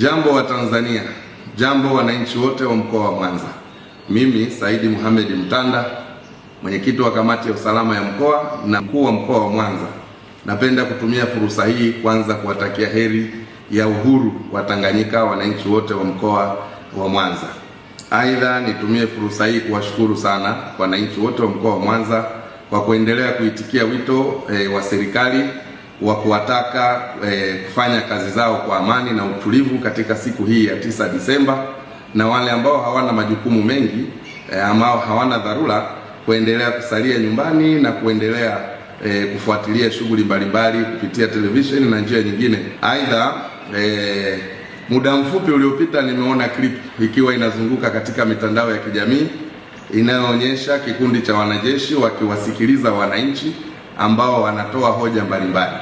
Jambo wa Tanzania, jambo wananchi wote wa mkoa wa Mwanza. Mimi Saidi Muhamedi Mtanda, mwenyekiti wa kamati ya usalama ya mkoa na mkuu wa mkoa wa Mwanza, napenda kutumia fursa hii kwanza kuwatakia heri ya uhuru wa Tanganyika wananchi wote wa mkoa wa Mwanza. Aidha, nitumie fursa hii kuwashukuru sana wananchi wote wa mkoa wa Mwanza kwa kuendelea kuitikia wito e, wa serikali wa kuwataka eh, kufanya kazi zao kwa amani na utulivu katika siku hii ya tisa Disemba, na wale ambao hawana majukumu mengi eh, ambao hawana dharura kuendelea kusalia nyumbani na kuendelea eh, kufuatilia shughuli mbalimbali kupitia televisheni na njia nyingine. Aidha, eh, muda mfupi uliopita nimeona clip ikiwa inazunguka katika mitandao ya kijamii inayoonyesha kikundi cha wanajeshi wakiwasikiliza wananchi ambao wanatoa hoja mbalimbali.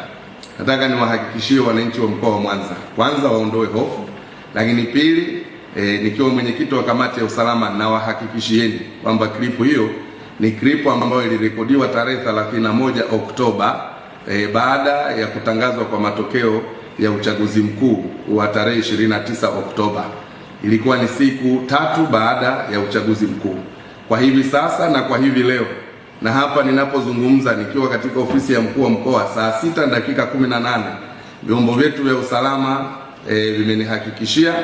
Nataka niwahakikishie wananchi wa mkoa wa Mwanza, kwanza waondoe hofu, lakini pili e, nikiwa mwenyekiti wa kamati ya usalama nawahakikishieni kwamba klipu hiyo ni klipu ambayo ilirekodiwa tarehe 31 Oktoba e, baada ya kutangazwa kwa matokeo ya uchaguzi mkuu wa tarehe 29 Oktoba. Ilikuwa ni siku tatu baada ya uchaguzi mkuu. Kwa hivi sasa na kwa hivi leo na hapa ninapozungumza nikiwa katika ofisi ya mkuu wa mkoa saa sita na dakika 18 vyombo vyetu vya usalama e, vimenihakikishia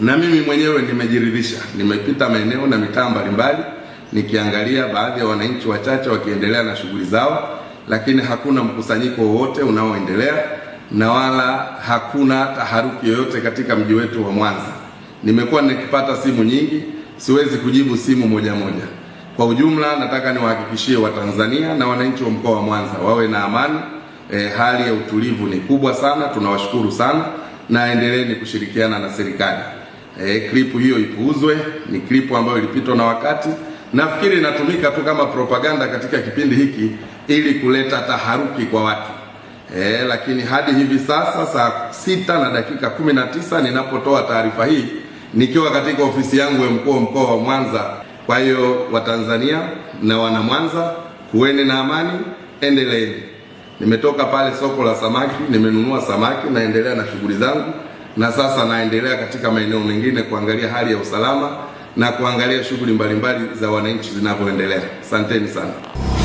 na mimi mwenyewe nimejiridhisha. Nimepita maeneo na mitaa mbalimbali nikiangalia baadhi ya wananchi wachache wakiendelea na shughuli zao, lakini hakuna mkusanyiko wowote unaoendelea na wala hakuna taharuki yoyote katika mji wetu wa Mwanza. Nimekuwa nikipata simu nyingi, siwezi kujibu simu moja moja. Kwa ujumla, nataka niwahakikishie Watanzania na wananchi wa mkoa wa Mwanza wawe na amani. E, hali ya utulivu ni kubwa sana, tunawashukuru sana na endeleeni kushirikiana na serikali. E, eh, klipu hiyo ipuuzwe, ni klipu ambayo ilipitwa na wakati. Nafikiri inatumika tu kama propaganda katika kipindi hiki ili kuleta taharuki kwa watu. E, lakini hadi hivi sasa saa sita na dakika kumi na tisa ninapotoa taarifa hii nikiwa katika ofisi yangu ya mkuu wa mkoa wa Mwanza kwa hiyo Watanzania na wanamwanza, kuweni na amani, endeleeni. Nimetoka pale soko la samaki, nimenunua samaki, naendelea na shughuli zangu, na sasa naendelea katika maeneo mengine kuangalia hali ya usalama na kuangalia shughuli mbalimbali za wananchi zinavyoendelea. Asanteni sana.